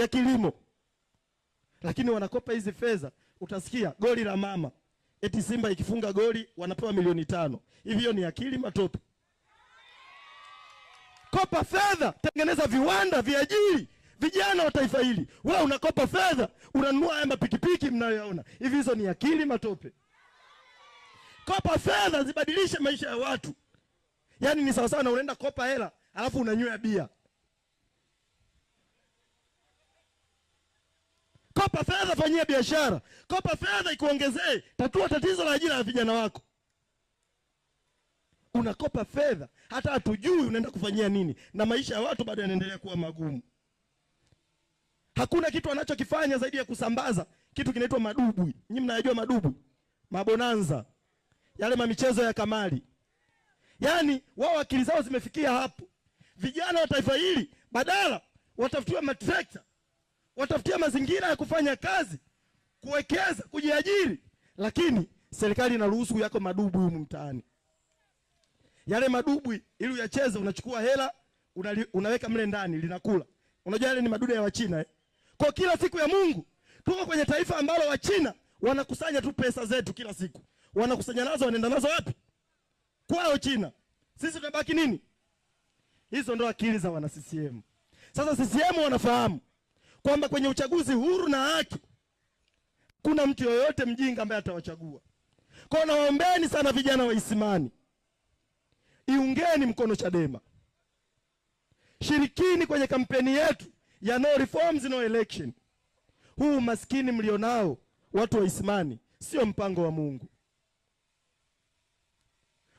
ya kilimo, lakini wanakopa hizi fedha. Utasikia goli la mama, eti Simba ikifunga goli wanapewa milioni tano. Hivyo ni akili matope. Kopa fedha, tengeneza viwanda, viajiri vijana wa taifa hili. Wewe unakopa fedha, unanunua haya mapikipiki mnayoona hivi, hizo ni akili matope. Kopa fedha, zibadilishe maisha ya watu. Yaani ni sawasawa na unaenda kopa hela alafu unanywa bia. Kopa fedha, fanyia biashara, kopa fedha ikuongezee, tatua tatizo la ajira ya vijana wako. Unakopa fedha, hata hatujui unaenda kufanyia nini, na maisha ya watu bado yanaendelea kuwa magumu. Hakuna kitu anachokifanya zaidi ya kusambaza kitu kinaitwa madubwi. Nyinyi mnayajua madubwi, mabonanza yale, mamichezo ya kamari. Yaani wao akili zao zimefikia hapo. Vijana wa taifa hili badala watafutiwa matrekta watafutia mazingira ya kufanya kazi, kuwekeza, kujiajiri, lakini serikali inaruhusu yako madubwi humu mtaani. Yale madubwi ili uyacheze, unachukua hela unali, unaweka mle ndani linakula. Unajua yale ni madudu ya Wachina eh? Kwa kila siku ya Mungu tuko kwenye taifa ambalo Wachina wanakusanya tu pesa zetu kila siku, wanakusanya nazo, wanaenda nazo wapi? Kwao China. Sisi tunabaki nini? Hizo ndo akili za wana CCM. Sasa CCM wanafahamu kwamba kwenye uchaguzi huru na haki kuna mtu yoyote mjinga ambaye atawachagua. Kwa hiyo sana vijana wa Isimani, iungeni mkono Chadema, shirikini kwenye kampeni yetu ya no reforms no election. Huu maskini mlionao watu wa Isimani sio mpango wa Mungu.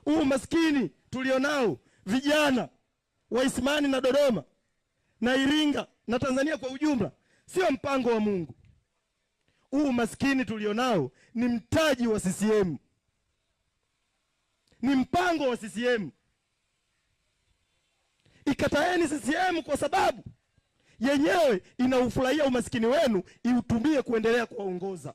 Huu maskini tulionao vijana wa Isimani na Dodoma na Iringa na Tanzania kwa ujumla sio mpango wa Mungu. Huu maskini tulionao ni mtaji wa CCM, ni mpango wa CCM. Ikataeni CCM kwa sababu yenyewe inaufurahia umaskini wenu, iutumie kuendelea kuwaongoza.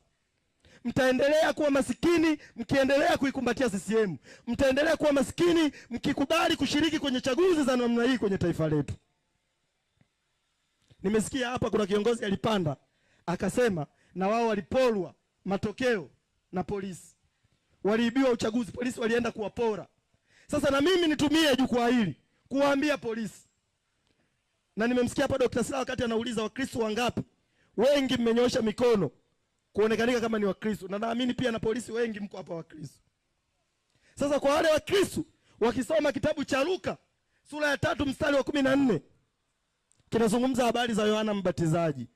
Mtaendelea kuwa masikini mkiendelea kuikumbatia CCM, mtaendelea kuwa masikini mkikubali kushiriki kwenye chaguzi za namna hii kwenye taifa letu. Nimesikia hapa kuna kiongozi alipanda akasema na wao waliporwa matokeo na polisi, waliibiwa uchaguzi, polisi walienda kuwapora. Sasa na mimi nitumie jukwaa hili kuwaambia polisi, na nimemsikia hapa Dr. Slaa wakati anauliza Wakristo wangapi, wengi mmenyosha mikono kuonekanika kama ni Wakristo, na naamini pia na polisi wengi mko hapa Wakristo. Sasa kwa wale Wakristo wakisoma kitabu cha Luka sura ya tatu mstari wa kumi na nne kinazungumza habari za Yohana Mbatizaji.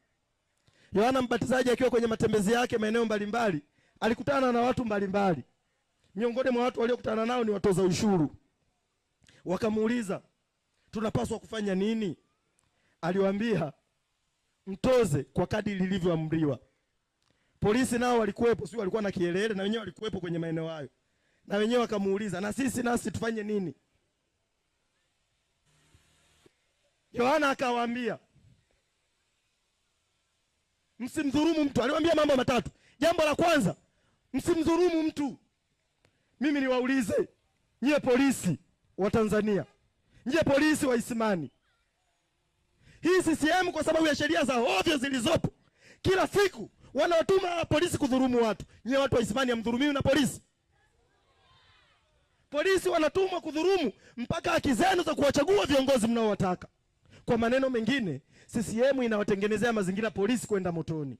Yohana Mbatizaji akiwa kwenye matembezi yake maeneo mbalimbali alikutana na watu mbalimbali. Miongoni mwa watu waliokutana nao ni watoza ushuru. Wakamuuliza, tunapaswa kufanya nini? Aliwaambia, mtoze kwa kadi lilivyoamriwa. Polisi nao walikuwepo, sio walikuwa na kielele, na wenyewe walikuwepo kwenye maeneo hayo, na wenyewe wakamuuliza, na sisi nasi tufanye nini? Yohana akawaambia msimdhurumu mtu. Aliwaambia mambo matatu. Jambo la kwanza, msimdhurumu mtu. Mimi niwaulize nyie polisi wa Tanzania, nyie polisi wa Isimani, hii CCM kwa sababu ya sheria za ovyo zilizopo kila siku wanaotuma polisi kudhurumu watu. Nyie watu wa Isimani hamdhurumiwi na polisi? Polisi wanatumwa kudhurumu mpaka haki zenu za kuwachagua viongozi mnaowataka. Kwa maneno mengine, CCM inawatengenezea mazingira polisi kwenda motoni.